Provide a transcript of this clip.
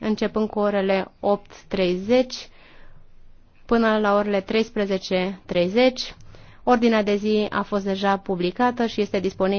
începând cu orele 8.30 până la orele 13.30. Ordinea de zi a fost deja publicată și este disponibilă